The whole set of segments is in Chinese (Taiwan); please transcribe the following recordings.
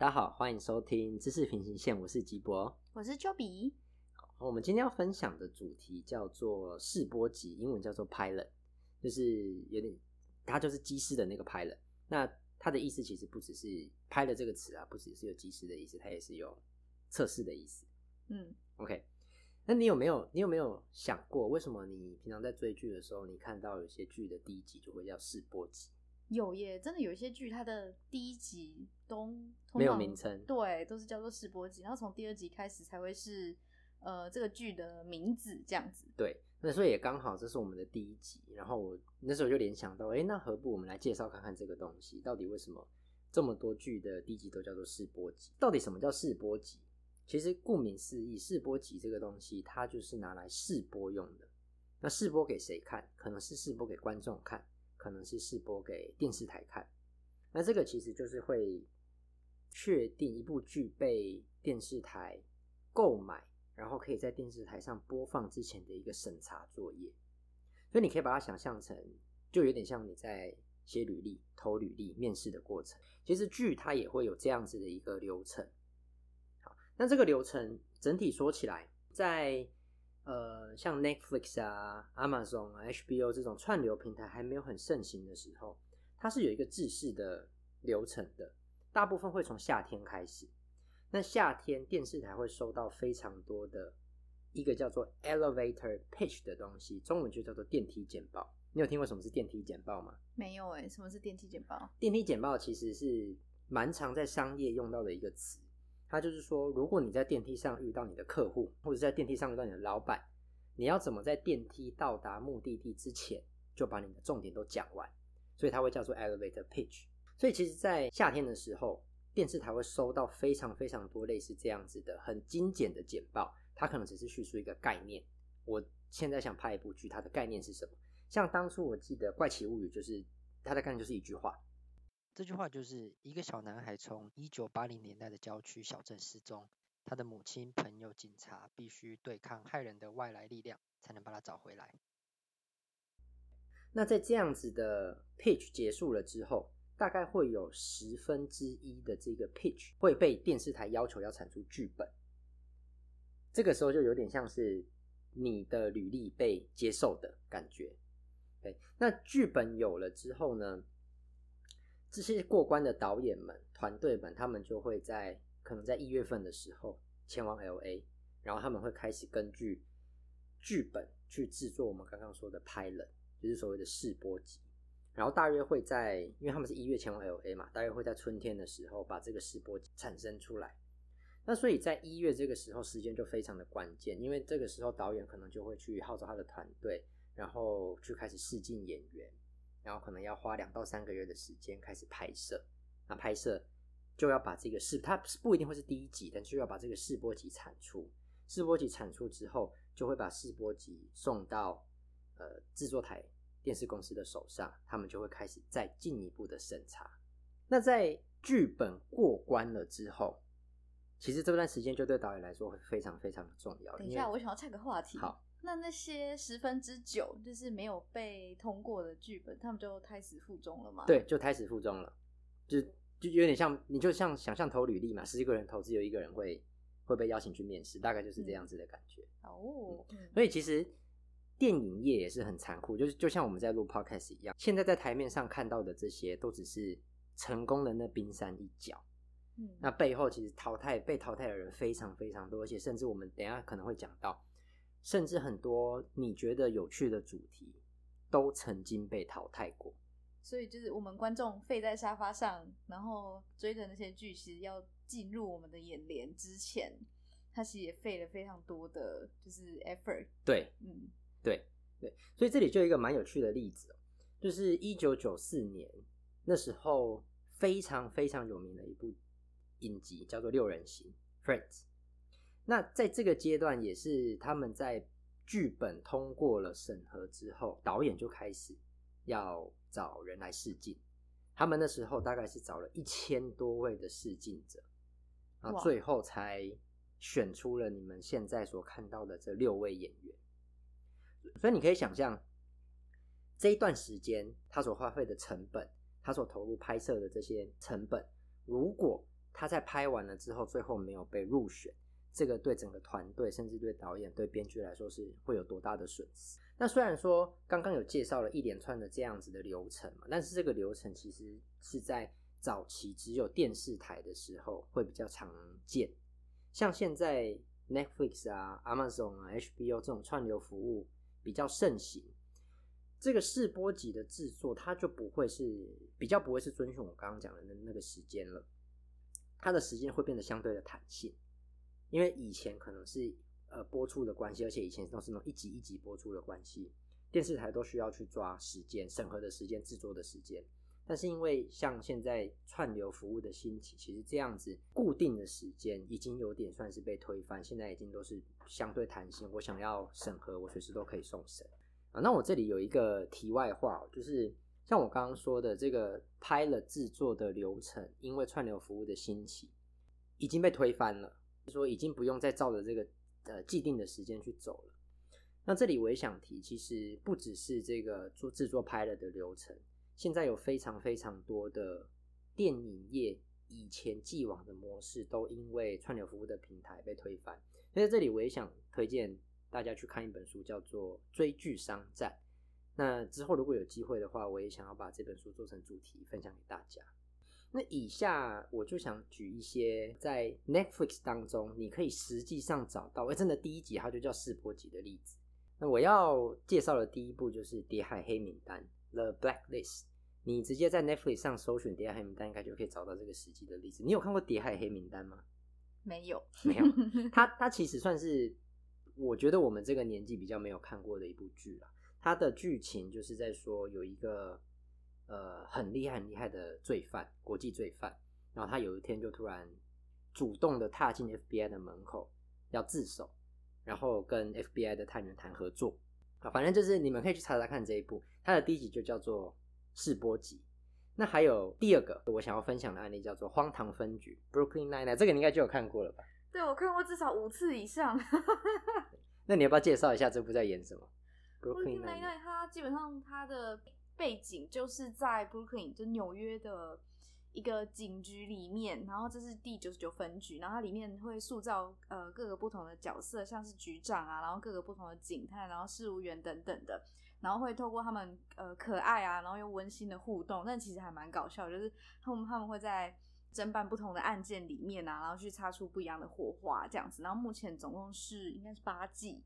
大家好，歡迎收聽知識平行線，我是基波，我是丘比。好，我們今天要分享的主題叫做試播集，英文叫做 pilot，就是有點，它就是機師的那個 pilot。那它的意思其實不只是 pilot 這個詞啊，不只是有機師的意思，它也是有測試的意思。嗯，OK，那你有沒有，你有沒有想過，為什麼你平常在追劇的時候，你看到有些劇的第一集就會叫試播集？有耶，真的有一些劇，它的第一集都沒有名稱，對，都是叫做試播集，然後從第二集開始才會是呃這個劇的名字這樣子。對，那所以也剛好這是我們的第一集，然後我那時候就聯想到，誒、欸，那何不我們來介紹看看這個東西到底為什麼這麼多劇的第一集都叫做試播集？到底什麼叫試播集？其實顧名思義，試播集這個東西它就是拿來試播用的。那試播給誰看？可能是試播給觀眾看。可能是試播給電視台看，那這個其實就是會確定一部劇被電視台購買，然後可以在電視台上播放之前的一個審查作業。所以你可以把它想象成，就有點像你在寫履歷、投履歷、面試的過程。其實劇它也會有這樣子的一個流程。好，那這個流程整體說起來，在。呃，像 Netflix 啊、Amazon 啊、啊 HBO 這種串流平台還沒有很盛行的時候，它是有一個制式的流程的，大部分會從夏天開始。那夏天電視台會收到非常多的一個叫做 Elevator Pitch 的東西，中文就叫做電梯簡報。你有聽過什麼是電梯簡報嗎？沒有哎、欸，什麼是電梯簡報？電梯簡報其實是蠻常在商業用到的一個詞。他就是說，如果你在電梯上遇到你的客戶，或者在電梯上遇到你的老闆，你要怎麼在電梯到達目的地之前就把你的重點都講完？所以它會叫做 elevator pitch。所以其實，在夏天的時候，電視台會收到非常非常多類似這樣子的很精簡的簡報，它可能只是敘述一個概念。我現在想拍一部劇，它的概念是什麼？像當初我記得《怪奇物語》，就是它的概念就是一句話。這句話就是一個小男孩從一九八零年代的郊區小鎮失蹤，他的母親、朋友、警察必須對抗害人的外來力量，才能把他找回來。那在這樣子的 pitch 結束了之後，大概會有十分之一的這個 pitch 會被電視台要求要產出劇本。這個時候就有點像是你的履歷被接受的感覺。對，那劇本有了之後呢？這些過關的導演們、團隊們，他們就會在可能在一月份的時候前往 LA，然後他們會開始根據劇本去製作我們剛剛說的 pilot，就是所謂的試播集。然後大約會在，因為他們是一月前往 LA 嘛，大約會在春天的時候把這個試播集產生出來。那所以在一月這個時候，時間就非常的關鍵，因為這個時候導演可能就會去號召他的團隊，然後去開始試鏡演員。然後可能要花兩到三個月的時間開始拍攝，那拍攝就要把這個試，它是不一定會是第一集，但就要把這個試播集產出。試播集產出之後，就會把試播集送到呃製作台電視公司的手上，他們就會開始再進一步的審查。那在劇本過關了之後，其實這段時間就對導演來說會非常非常的重要。等一下，因為，我想要岔個話題。好。那那些十分之九就是沒有被通過的劇本，他們就胎死腹中了嘛？對，就胎死腹中了，就就有點像你就像想象投履歷嘛，十一個人投資，有一個人會會被邀請去面試，大概就是這樣子的感覺哦。嗯、所以其實電影業也是很殘酷，就是就像我們在錄 Podcast 一樣，現在在台面上看到的這些都只是成功的那冰山一角，嗯，那背後其實淘汰被淘汰的人非常非常多，而且甚至我們等一下可能會講到。甚至很多你覺得有趣的主題，都曾經被淘汰過。所以就是我們觀眾廢在沙发上，然後追着那些劇，其實要進入我們的眼簾之前，它其實也費了非常多的，就是 effort。對，嗯，對，對，所以這裡就一個蠻有趣的例子哦，就是一九九四年那時候非常非常有名的一部影集，叫做《六人行》（Friends）。那在這個階段，也是他們在劇本通過了審核之後，導演就開始要找人來試鏡。他們那時候大概是找了一千多位的試鏡者，然後最後才選出了你們現在所看到的這六位演員。哇所以你可以想象，這一段時間他所花費的成本，他所投入拍攝的這些成本，如果他在拍完了之後，最後沒有被入選。這個對整個團隊，甚至對導演、對編劇來說，是會有多大的損失？那雖然說剛剛有介紹了一連串的這樣子的流程嘛，但是這個流程其實是在早期只有電視台的時候會比較常見。像現在 Netflix 啊、Amazon 啊、HBO 這種串流服務比較盛行，這個試播集的制作，它就不會是比較不會是遵循我剛剛講的那那個時間了，它的時間會變得相對的彈性。因為以前可能是呃播出的關係，而且以前都是那種一集一集播出的關係，電視台都需要去抓時間、審核的時間、制作的時間。但是因為像現在串流服務的興起，其實這樣子固定的時間已經有點算是被推翻，現在已經都是相對彈性。我想要審核，我隨時都可以送審啊。那我這裡有一個題外話，就是像我剛剛說的這個 pilot 制作的流程，因為串流服務的興起已經被推翻了。說已經不用再照着這個呃既定的時間去走了。那這裡我也想提，其實不只是這個做制作 pilot 的流程，現在有非常非常多的電影業以前既往的模式都因為串流服務的平台被推翻。所以在這裡我也想推薦大家去看一本書，叫做《追劇商戰》。那之後如果有機會的話，我也想要把這本書做成主題分享給大家。那以下我就想舉一些在 Netflix 當中你可以實際上找到，我、欸、真的第一集它就叫試播集的例子。那我要介紹的第一部就是《諜海黑名單》（The Blacklist）。你直接在 Netflix 上搜尋《諜海黑名單》，應該就可以找到這個實際的例子。你有看過《諜海黑名單》嗎？沒有， 沒有。它它其實算是我覺得我們這個年紀比較沒有看過的一部劇了。它的劇情就是在說有一個。呃，很厲害很厲害的罪犯，國際罪犯。然後他有一天就突然主動的踏進 FBI 的門口，要自首，然後跟 FBI 的探員談合作。啊，反正就是你們可以去查查看這一部，它的第一集就叫做試播集。那還有第二個我想要分享的案例叫做《荒唐分局》（Brooklyn Nine-Nine），這個你應該就有看過了吧？對，我看過至少五次以上。那你要不要介紹一下這部在演什麼？Brooklyn Nine-Nine，它基本上它的。背景就是在 Brooklyn，ok，就紐約的一個警局裡面，然後這是第九十九分局，然後它裡面會塑造呃各個不同的角色，像是局長啊，然後各個不同的警探，然後事務員等等的，然後會透過他們呃可愛啊，然後又溫馨的互動，但其實還蠻搞笑，就是他們他們會在偵辦不同的案件裡面啊，然後去擦出不一樣的火花這樣子，然後目前總共是應該是八季。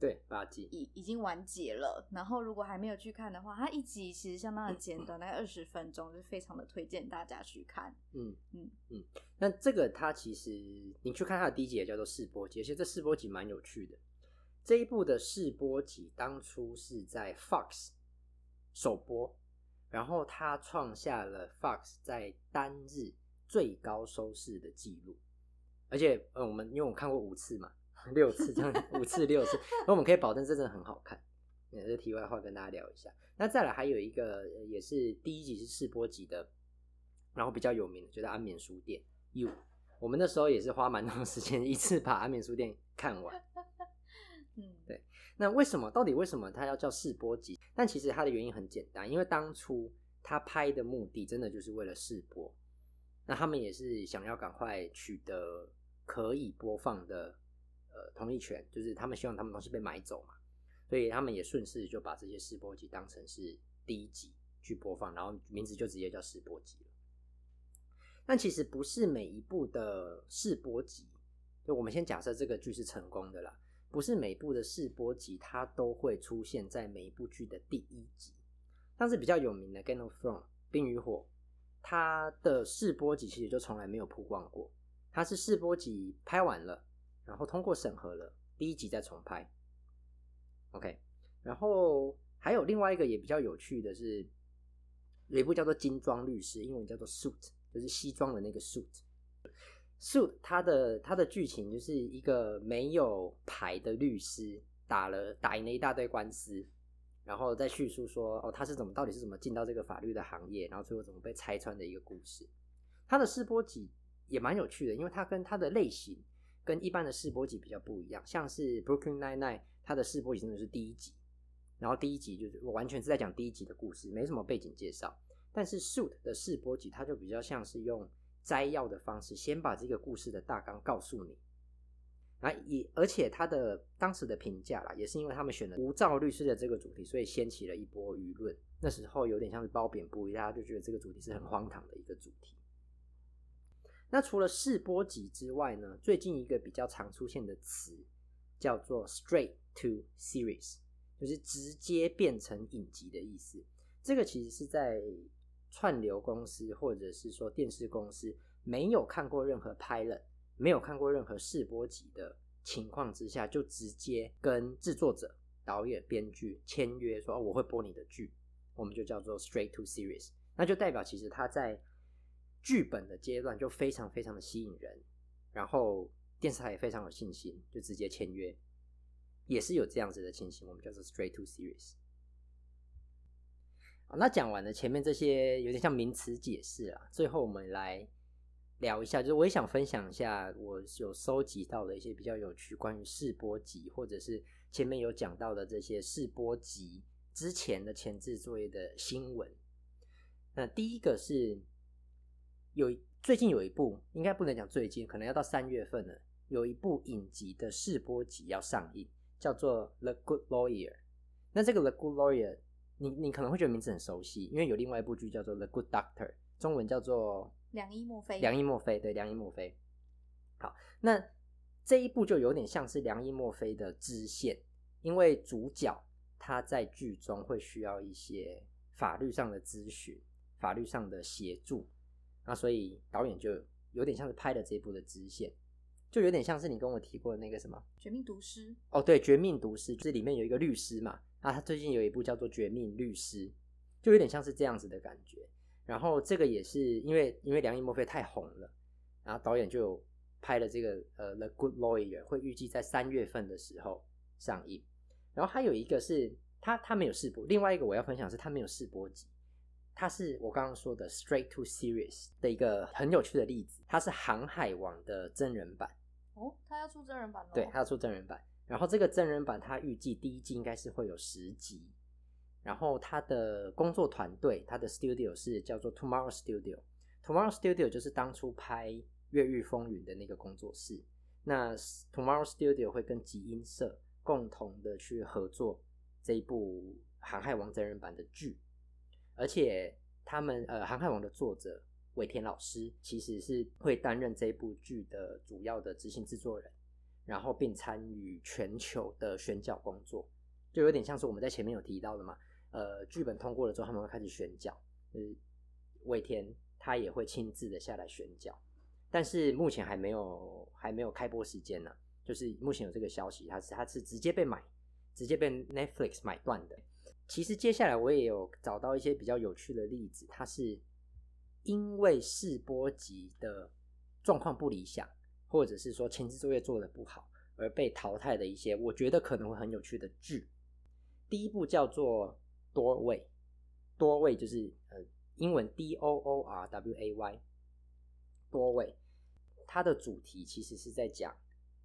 對，八集已已經完結了。然後如果還沒有去看的話，它一集其實相當的簡短，嗯嗯、大概二十分鐘，嗯、就非常的推薦大家去看。嗯嗯嗯。那這個它其實你去看它的第一集，也叫做試播集，其實這試播集蠻有趣的。這一部的試播集當初是在 Fox 首播，然後它創下了 Fox 在單日最高收視的記錄。而且，呃，我們因為我看過五次嘛。六次，這樣五次六次，那我們可以保證這真的很好看。也、嗯、是題外話，跟大家聊一下。那再來還有一個、呃，也是第一集是試播集的，然後比較有名的，就是《安眠書店》。有，我們那時候也是花蠻長時間一次把《安眠書店》看完。 嗯，對。那為什麼？到底為什麼它要叫試播集？但其實它的原因很簡單，因為當初他拍的目的真的就是為了試播。那他們也是想要趕快取得可以播放的。同意權，就是他們希望他們東西被買走嘛，所以他們也順勢就把這些試播集當成是第一集去播放，然後名字就直接叫試播集了。但其實不是每一部的試播集，就我們先假設這個劇是成功的啦，不是每一部的試播集它都會出現在每一部劇的第一集。但是比較有名的《Game of Thrones》冰與火，它的試播集其實就從來沒有曝光過，它是試播集拍完了。然後通過審核了，第一集再重拍。OK，然後還有另外一個也比較有趣的是，有一部叫做《金裝律師》，英文叫做 Suit，就是西裝的那個 Suit。Suit 它的它的劇情就是一個沒有牌的律師打了打贏了一大堆官司，然後再敘述說哦他是怎麼到底是怎麼進到這個法律的行業，然後最後怎麼被拆穿的一個故事。他的試播集也蠻有趣的，因為他跟他的類型。跟一般的試播集比較不一樣，像是《Brooklyn Nine-Nine》它的試播集真的是第一集，然後第一集就是我完全是在講第一集的故事，沒什麼背景介紹。但是《Suit》的試播集它就比較像是用摘要的方式，先把這個故事的大綱告訴你。啊，以，而且他的當時的評價啦，也是因為他們選了無照律師的這個主題，所以掀起了一波輿論。那時候有點像是褒貶不一，大家就覺得這個主題是很荒唐的一個主題。那除了試播集之外呢？最近一個比較常出現的詞叫做 straight to series，就是直接變成影集的意思。這個其實是在串流公司或者是說電視公司沒有看過任何 pilot，沒有看過任何試播集的情況之下，就直接跟製作者、導演、編劇簽約說，說，哦，我會播你的劇，我們就叫做 straight to series。那就代表其實他在，劇本的階段就非常非常的吸引人，然後電視台也非常有信心，就直接簽約，也是有這樣子的情形。我們叫做 straight to series。好，那講完了前面這些有點像名詞解釋啊，最後我們來聊一下，就是我也想分享一下我有收集到的一些比較有趣關於試播集或者是前面有講到的這些試播集之前的前置作業的新聞。那第一個是。有，最近有一部，應該不能講最近，可能要到三月份了。有一部影集的試播集要上映，叫做《The Good Lawyer》。那這個《The Good Lawyer》，你你可能會覺得名字很熟悉，因為有另外一部劇叫做《The Good Doctor》，中文叫做《良醫墨菲》。良醫墨菲，對，良醫墨菲。好，那這一部就有點像是良醫墨菲的支線，因為主角他在劇中會需要一些法律上的諮詢、法律上的協助。那所以導演就有點像是拍了這一部的支線，就有點像是你跟我提過的那個什麼《絕命毒師》哦，對，《絕命毒師》就是裡面有一個律師嘛，啊，他最近有一部叫做《絕命律師》，就有點像是這樣子的感覺。然後這個也是因為因為良醫墨菲太紅了，然後導演就拍了這個呃《The Good Lawyer》，會預計在三月份的時候上映。然後還有一個是他他沒有試播，另外一個我要分享是他沒有試播集。它是我剛剛說的 straight to series 的一個很有趣的例子，它是《航海王》的真人版。哦，它要出真人版嗎？對，它要出真人版。然後這個真人版它預計第一季應該是會有十集。然後它的工作團隊，它的 studio 是叫做 Tomorrow Studio。Tomorrow Studio 就是當初拍《越獄風雲》的那個工作室。那 Tomorrow Studio 會跟集英社共同的去合作這一部《航海王》真人版的劇。而且，他們呃，《航海王》的作者尾田老師其實是會擔任這部劇的主要的執行制作人，然後並參與全球的選角工作，就有點像是我們在前面有提到的嘛。呃，劇本通過了之後，他們會開始選角，呃、就是，尾田他也會親自的下來選角，但是目前還沒有還沒有開播時間呢、啊，就是目前有這個消息，他是他是直接被買，直接被 Netflix 買斷的。其實接下來我也有找到一些比較有趣的例子，它是因為試播集的狀況不理想，或者是說前置作業做得不好而被淘汰的一些，我覺得可能會很有趣的劇。第一部叫做《多位》，多位就是呃英文 D O O R W A Y 多位，它的主題其實是在講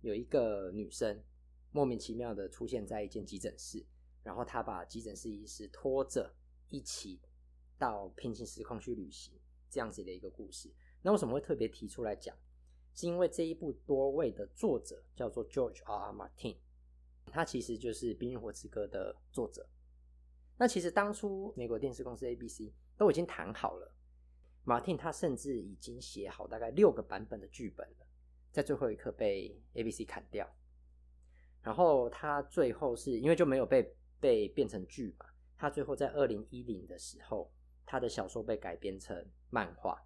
有一個女生莫名其妙的出現在一間急診室。然後他把急診室醫師拖着一起到平行時空去旅行，這樣子的一個故事。那為什麼會特別提出來講？是因為這一部多位的作者叫做 George R. R. Martin，他其實就是《冰與火之歌》的作者。那其實當初美國電視公司 ABC 都已經談好了，Martin 他甚至已經寫好大概六個版本的劇本了，在最後一刻被 ABC 砍掉。然後他最後是因為就沒有被。被變成劇嘛？他最後在二零一零的時候，他的小說被改編成漫畫。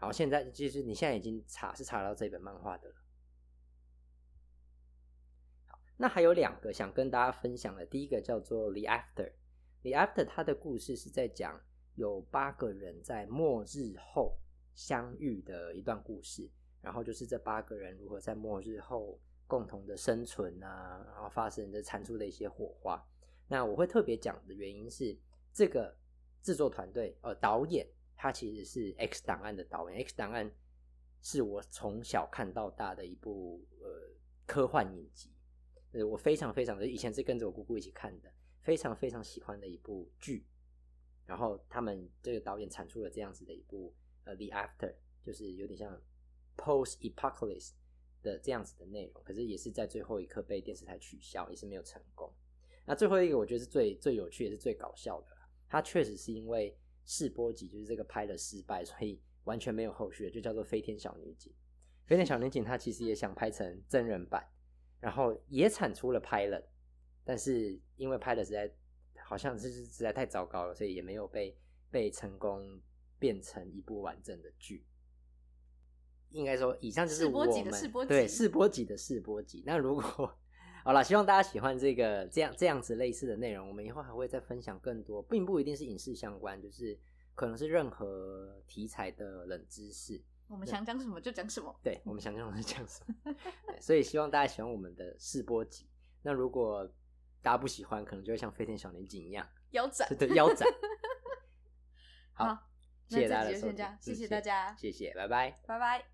然後現在，其實你現在已經查是查到這本漫畫的了。好，那還有兩個想跟大家分享的，第一個叫做 The《The After》，《The After》它的故事是在講有八個人在末日後相遇的一段故事，然後就是這八個人如何在末日後共同的生存啊，然後發生的產出的一些火花。那我會特別講的原因是，這個製作團隊，呃，導演他其實是 X 檔案的導演《X 檔案》的導演，《X 檔案》是我從小看到大的一部呃科幻影集，呃，我非常非常的、就是、以前是跟着我姑姑一起看的，非常非常喜歡的一部劇。然後他們這個導演產出了這樣子的一部呃，《The After》就是有點像《Post Apocalypse》的這樣子的內容，可是也是在最後一刻被電視台取消，也是沒有成功。那、啊、最後一個，我覺得是最最有趣也是最搞笑的。它確實是因為試播集就是這個 Pilot 失敗，所以完全沒有後續，就叫做飛天小《飛天小女警》。《飛天小女警》它其實也想拍成真人版，然後也產出了 Pilot，但是因為 Pilot 實在好像是實在太糟糕了，所以也沒有被被成功變成一部完整的劇。應該說，以上就是我們試播集的試播集。對，試播集的試播集。那如果好了，希望大家喜歡這個這樣這樣子類似的內容。我們以後還會再分享更多，並不一定是影視相關，就是可能是任何題材的冷知識。我們想講什麼就講什麼。對，我們想講什麼就講什麼。 所以希望大家喜歡我們的試播集。 那如果大家不喜歡，可能就會像飛天小女警一樣腰斬斬，對，腰斬。 好，那謝謝大家的收聽，謝謝大家，謝謝，拜拜，拜拜。